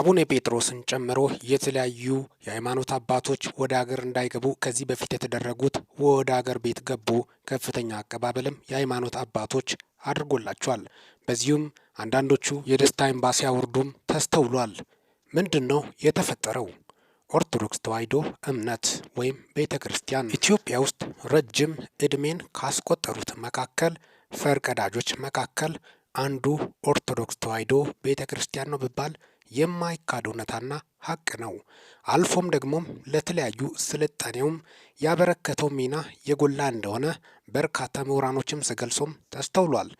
አቡነ ጴጥሮስን ጨምሮ የተለያዩ የሃይማኖት አባቶች ወደ አገር እንዳይገቡ ከዚህ በፊት የተደረጉት ወደ አገር ቤት ገቡ ከፍተኛ አቀባበልም የሃይማኖት አባቶች አድርጎላቸዋል። በዚሁም አንዳንዶቹ የደስታ ኤምባሲ አውርዱም ተስተውሏል። ምንድን ነው የተፈጠረው? ኦርቶዶክስ ተዋሕዶ እምነት ወይም ቤተ ክርስቲያን ኢትዮጵያ ውስጥ ረጅም ዕድሜን ካስቆጠሩት መካከል ፈርቀዳጆች መካከል አንዱ ኦርቶዶክስ ተዋሕዶ ቤተ ክርስቲያን ነው ብባል የማይካድ እውነታና ሀቅ ነው። አልፎም ደግሞም ለተለያዩ ስልጣኔውም ያበረከተው ሚና የጎላ እንደሆነ በርካታ ምሁራኖችም ሲገልጹም ተስተውሏል።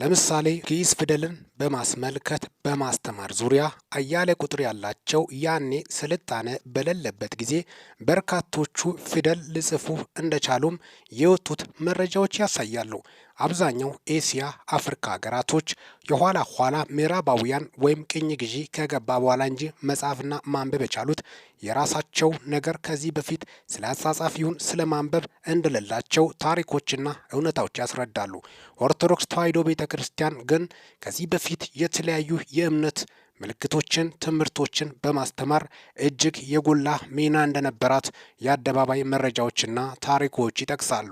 ለምሳሌ ግዕዝ ፊደልን በማስመልከት በማስተማር ዙሪያ አያሌ ቁጥር ያላቸው ያኔ ስልጣኔ በሌለበት ጊዜ በርካቶቹ ፊደል ሊጽፉ እንደቻሉም የወጡት መረጃዎች ያሳያሉ። አብዛኛው ኤሲያ አፍሪካ ሀገራቶች የኋላ ኋላ ምዕራባውያን ወይም ቅኝ ግዢ ከገባ በኋላ እንጂ መጻፍና ማንበብ የቻሉት የራሳቸው ነገር ከዚህ በፊት ስለ አጻጻፍ ይሁን ስለ ማንበብ እንደሌላቸው ታሪኮችና እውነታዎች ያስረዳሉ። ኦርቶዶክስ ተዋሕዶ ቤተ ክርስቲያን ግን ከዚህ በፊት የተለያዩ የእምነት ምልክቶችን፣ ትምህርቶችን በማስተማር እጅግ የጎላ ሚና እንደነበራት የአደባባይ መረጃዎችና ታሪኮች ይጠቅሳሉ።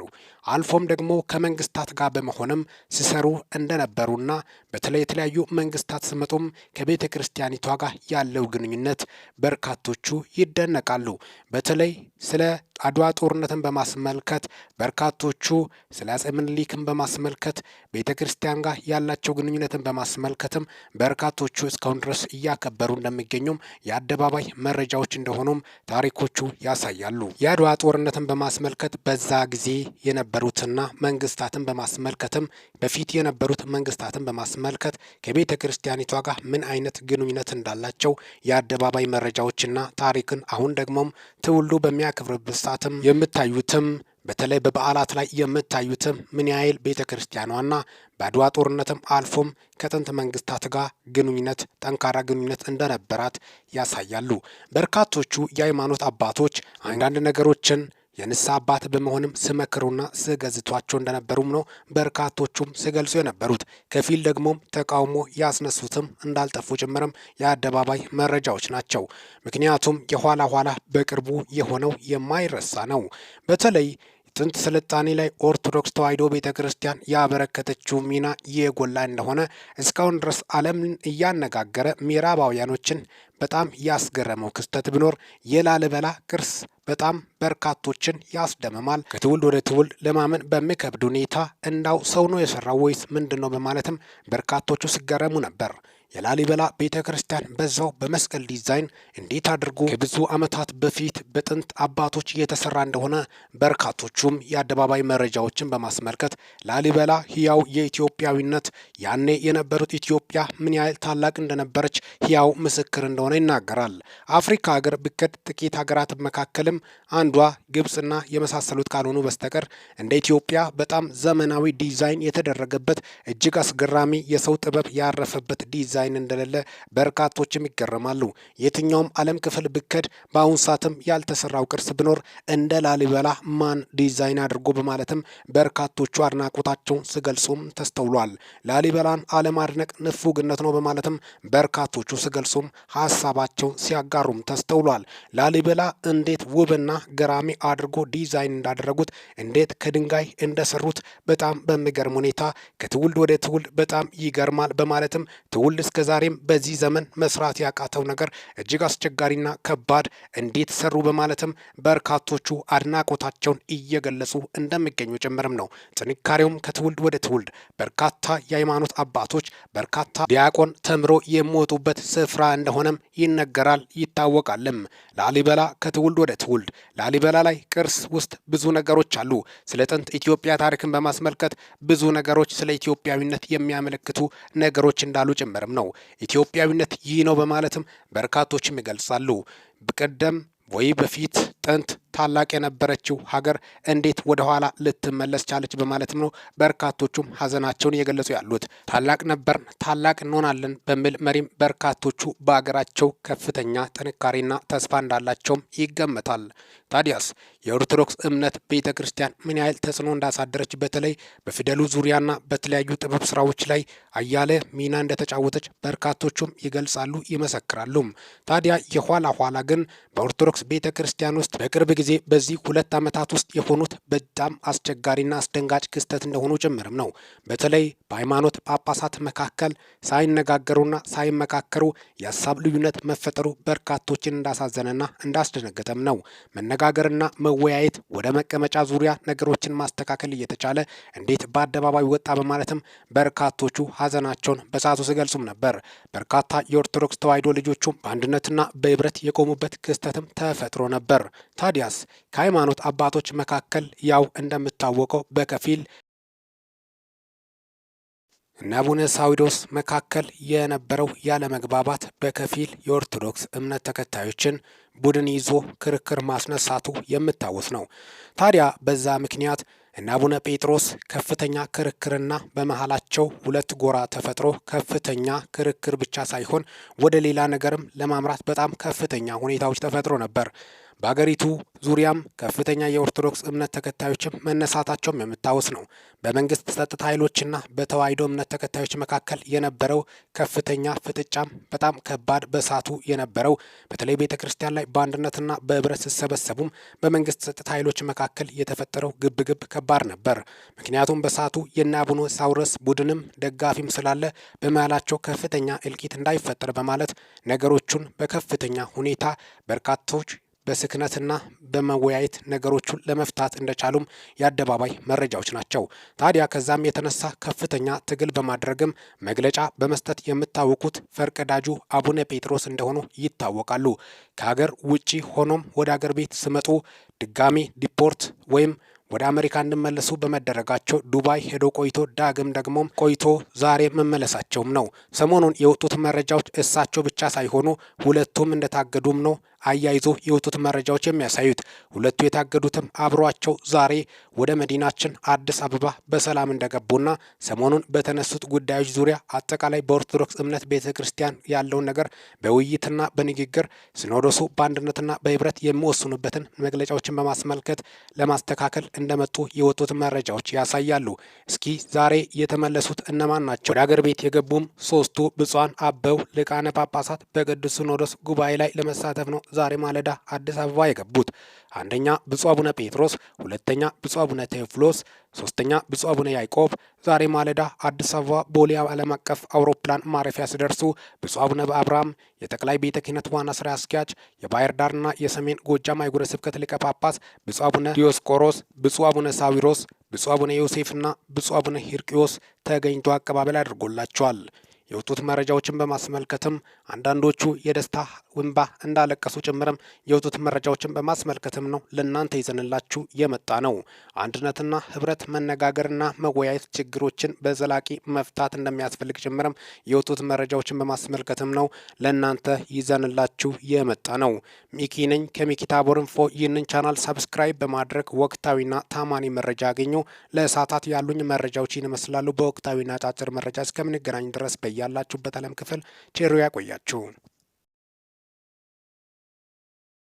አልፎም ደግሞ ከመንግስታት ጋር በመሆንም ሲሰሩ እንደነበሩና በተለይ የተለያዩ መንግስታት ስመጡም ከቤተ ክርስቲያኒቷ ጋር ያለው ግንኙነት በርካቶቹ ይደነቃሉ። በተለይ ስለ አድዋ ጦርነትን በማስመልከት በርካቶቹ ስለ አፄ ምኒልክን በማስመልከት ቤተ ክርስቲያን ጋር ያላቸው ግንኙነትን በማስመልከትም በርካቶቹ እስካሁን ድረስ እያከበሩ እንደሚገኙም የአደባባይ መረጃዎች እንደሆኑም ታሪኮቹ ያሳያሉ። የአድዋ ጦርነትን በማስመልከት በዛ ጊዜ የነበሩትና መንግስታትን በማስመልከትም በፊት የነበሩት መንግስታትን በማስመልከት ከቤተ ክርስቲያኒቷ ጋር ምን አይነት ግንኙነት እንዳላቸው የአደባባይ መረጃዎችና ታሪክን አሁን ደግሞም ትውልዱ በሚያከብርበት ነገስታትም የምታዩትም በተለይ በበዓላት ላይ የምታዩትም ምን ያህል ቤተ ክርስቲያኗና በአድዋ ጦርነትም አልፎም ከጥንት መንግስታት ጋር ግንኙነት ጠንካራ ግንኙነት እንደነበራት ያሳያሉ። በርካቶቹ የሃይማኖት አባቶች አንዳንድ ነገሮችን የንስሐ አባት በመሆንም ስመክሩና ስገዝቷቸው እንደነበሩም ነው በርካቶቹም ሲገልጹ የነበሩት። ከፊል ደግሞም ተቃውሞ ያስነሱትም እንዳልጠፉ ጭምርም የአደባባይ መረጃዎች ናቸው። ምክንያቱም የኋላ ኋላ በቅርቡ የሆነው የማይረሳ ነው። በተለይ ጥንት ስልጣኔ ላይ ኦርቶዶክስ ተዋሕዶ ቤተ ክርስቲያን ያበረከተችው ሚና የጎላ እንደሆነ እስካሁን ድረስ ዓለምን እያነጋገረ ምዕራባውያኖችን በጣም ያስገረመው ክስተት ቢኖር የላሊበላ ቅርስ በጣም በርካቶችን ያስደምማል። ከትውልድ ወደ ትውልድ ለማመን በሚከብድ ሁኔታ እንዳው ሰው ነው የሰራው ወይስ ምንድን ነው በማለትም በርካቶቹ ሲገረሙ ነበር። የላሊበላ ቤተ ክርስቲያን በዛው በመስቀል ዲዛይን እንዴት አድርጎ ከብዙ ዓመታት በፊት በጥንት አባቶች እየተሰራ እንደሆነ በርካቶቹም የአደባባይ መረጃዎችን በማስመልከት ላሊበላ ሕያው የኢትዮጵያዊነት ያኔ የነበሩት ኢትዮጵያ ምን ያህል ታላቅ እንደነበረች ሕያው ምስክር እንደሆነ እንደሆነ ይናገራል። አፍሪካ ሀገር ብከት ጥቂት ሀገራት መካከልም አንዷ ግብፅና የመሳሰሉት ካልሆኑ በስተቀር እንደ ኢትዮጵያ በጣም ዘመናዊ ዲዛይን የተደረገበት እጅግ አስገራሚ የሰው ጥበብ ያረፈበት ዲዛይን እንደሌለ በርካቶችም ይገረማሉ። የትኛውም ዓለም ክፍል ብከድ በአሁን ሰዓትም ያልተሰራው ቅርስ ብኖር እንደ ላሊበላ ማን ዲዛይን አድርጎ በማለትም በርካቶቹ አድናቆታቸውን ስገልጹም ተስተውሏል። ላሊበላን አለማድነቅ ንፉግነት ነው በማለትም በርካቶቹ ስገልጹም ሀሳባቸውን ሲያጋሩም ተስተውሏል። ላሊበላ እንዴት ውብና ገራሚ አድርጎ ዲዛይን እንዳደረጉት፣ እንዴት ከድንጋይ እንደሰሩት በጣም በሚገርም ሁኔታ ከትውልድ ወደ ትውልድ በጣም ይገርማል በማለትም ትውልድ እስከዛሬም በዚህ ዘመን መስራት ያቃተው ነገር እጅግ አስቸጋሪና ከባድ እንዴት ሰሩ በማለትም በርካቶቹ አድናቆታቸውን እየገለጹ እንደሚገኙ ጭምርም ነው። ጥንካሬውም ከትውልድ ወደ ትውልድ በርካታ የሃይማኖት አባቶች በርካታ ዲያቆን ተምሮ የሚወጡበት ስፍራ እንደሆነም ይነገራል ይታወቃልም። ላሊበላ ከትውልድ ወደ ትውልድ ላሊበላ ላይ ቅርስ ውስጥ ብዙ ነገሮች አሉ። ስለ ጥንት ኢትዮጵያ ታሪክን በማስመልከት ብዙ ነገሮች ስለ ኢትዮጵያዊነት የሚያመለክቱ ነገሮች እንዳሉ ጭምርም ነው። ኢትዮጵያዊነት ይህ ነው በማለትም በርካቶችም ይገልጻሉ። በቀደም ወይ በፊት ጥንት ታላቅ የነበረችው ሀገር እንዴት ወደኋላ ልትመለስ ቻለች? በማለትም ነው በርካቶቹም ሀዘናቸውን እየገለጹ ያሉት። ታላቅ ነበርን፣ ታላቅ እንሆናለን በሚል መሪም በርካቶቹ በሀገራቸው ከፍተኛ ጥንካሬና ተስፋ እንዳላቸውም ይገመታል። ታዲያስ የኦርቶዶክስ እምነት ቤተ ክርስቲያን ምን ያህል ተጽዕኖ እንዳሳደረች በተለይ በፊደሉ ዙሪያና በተለያዩ ጥበብ ስራዎች ላይ አያለ ሚና እንደተጫወተች በርካቶቹም ይገልጻሉ፣ ይመሰክራሉ። ታዲያ የኋላ ኋላ ግን በኦርቶዶክስ ቤተ ክርስቲያን ውስጥ በቅርብ ጊዜ ጊዜ በዚህ ሁለት ዓመታት ውስጥ የሆኑት በጣም አስቸጋሪና አስደንጋጭ ክስተት እንደሆኑ ጭምርም ነው። በተለይ በሃይማኖት ጳጳሳት መካከል ሳይነጋገሩና ሳይመካከሩ የሀሳብ ልዩነት መፈጠሩ በርካቶችን እንዳሳዘነና እንዳስደነገጠም ነው። መነጋገርና መወያየት ወደ መቀመጫ ዙሪያ ነገሮችን ማስተካከል እየተቻለ እንዴት በአደባባይ ወጣ በማለትም በርካቶቹ ሀዘናቸውን በሰዓቱ ሲገልጹም ነበር። በርካታ የኦርቶዶክስ ተዋሕዶ ልጆቹም በአንድነትና በህብረት የቆሙበት ክስተትም ተፈጥሮ ነበር። ታዲያ ድረስ ከሃይማኖት አባቶች መካከል ያው እንደምታወቀው በከፊል እነ አቡነ መካከል የነበረው ያለመግባባት በከፊል የኦርቶዶክስ እምነት ተከታዮችን ቡድን ይዞ ክርክር ማስነሳቱ የሚታወስ ነው። ታዲያ በዛ ምክንያት እነ አቡነ ጴጥሮስ ከፍተኛ ክርክርና በመሃላቸው ሁለት ጎራ ተፈጥሮ ከፍተኛ ክርክር ብቻ ሳይሆን ወደ ሌላ ነገርም ለማምራት በጣም ከፍተኛ ሁኔታዎች ተፈጥሮ ነበር። በአገሪቱ ዙሪያም ከፍተኛ የኦርቶዶክስ እምነት ተከታዮችም መነሳታቸውም የምታወስ ነው። በመንግስት ጸጥታ ኃይሎችና በተዋሕዶ እምነት ተከታዮች መካከል የነበረው ከፍተኛ ፍጥጫም በጣም ከባድ በሳቱ የነበረው በተለይ ቤተ ክርስቲያን ላይ በአንድነትና በህብረት ሲሰበሰቡም በመንግስት ጸጥታ ኃይሎች መካከል የተፈጠረው ግብግብ ከባድ ነበር። ምክንያቱም በሳቱ የነ አቡነ ቡድንም ደጋፊም ስላለ በመሃላቸው ከፍተኛ እልቂት እንዳይፈጠር በማለት ነገሮቹን በከፍተኛ ሁኔታ በርካቶች በስክነትና በመወያየት ነገሮቹን ለመፍታት እንደቻሉም የአደባባይ መረጃዎች ናቸው። ታዲያ ከዛም የተነሳ ከፍተኛ ትግል በማድረግም መግለጫ በመስጠት የምታወቁት ፈርቀዳጁ አቡነ ጴጥሮስ እንደሆኑ ይታወቃሉ። ከሀገር ውጪ ሆኖም ወደ አገር ቤት ስመጡ ድጋሚ ዲፖርት ወይም ወደ አሜሪካ እንድመለሱ በመደረጋቸው ዱባይ ሄዶ ቆይቶ ዳግም ደግሞ ቆይቶ ዛሬ መመለሳቸውም ነው። ሰሞኑን የወጡት መረጃዎች እሳቸው ብቻ ሳይሆኑ ሁለቱም እንደታገዱም ነው አያይዞ የወጡት መረጃዎች የሚያሳዩት ሁለቱ የታገዱትም አብሯቸው ዛሬ ወደ መዲናችን አዲስ አበባ በሰላም እንደገቡና ሰሞኑን በተነሱት ጉዳዮች ዙሪያ አጠቃላይ በኦርቶዶክስ እምነት ቤተ ክርስቲያን ያለውን ነገር በውይይትና በንግግር ሲኖዶሱ በአንድነትና በህብረት የሚወስኑበትን መግለጫዎችን በማስመልከት ለማስተካከል እንደመጡ የወጡት መረጃዎች ያሳያሉ። እስኪ ዛሬ የተመለሱት እነማን ናቸው? ወደ አገር ቤት የገቡም ሶስቱ ብፁዓን አበው ሊቃነ ጳጳሳት በቅዱስ ሲኖዶስ ጉባኤ ላይ ለመሳተፍ ነው ዛሬ ማለዳ አዲስ አበባ የገቡት አንደኛ ብፁዕ አቡነ ጴጥሮስ፣ ሁለተኛ ብፁዕ አቡነ ቴዎፍሎስ፣ ሶስተኛ ብፁዕ አቡነ ያዕቆብ ዛሬ ማለዳ አዲስ አበባ ቦሌ ዓለም አቀፍ አውሮፕላን ማረፊያ ሲደርሱ ብፁዕ አቡነ በአብርሃም የጠቅላይ ቤተ ክህነት ዋና ስራ አስኪያጅ የባህር ዳርና የሰሜን ጎጃም አህጉረ ስብከት ሊቀ ጳጳስ ብፁዕ አቡነ ዲዮስቆሮስ፣ ብፁዕ አቡነ ሳዊሮስ፣ ብፁዕ አቡነ ዮሴፍና ብፁዕ አቡነ ሂርቂዮስ ተገኝቶ አቀባበል አድርጎላቸዋል። የወጡት መረጃዎችን በማስመልከትም አንዳንዶቹ የደስታ ውንባ እንዳለቀሱ ጭምርም የወጡት መረጃዎችን በማስመልከትም ነው ለእናንተ ይዘንላችሁ የመጣ ነው። አንድነትና ህብረት፣ መነጋገርና መወያየት ችግሮችን በዘላቂ መፍታት እንደሚያስፈልግ ጭምርም የወጡት መረጃዎችን በማስመልከትም ነው ለእናንተ ይዘንላችሁ የመጣ ነው። ሚኪ ነኝ ከሚኪ ታቦር ኢንፎ። ይህንን ቻናል ሰብስክራይብ በማድረግ ወቅታዊና ታማኒ መረጃ ያገኙ። ለእሳታት ያሉኝ መረጃዎች ይመስላሉ። በወቅታዊና አጫጭር መረጃ እስከምንገናኝ ድረስ በ በያላችሁበት ዓለም ክፍል ቼሮ ያቆያችሁ።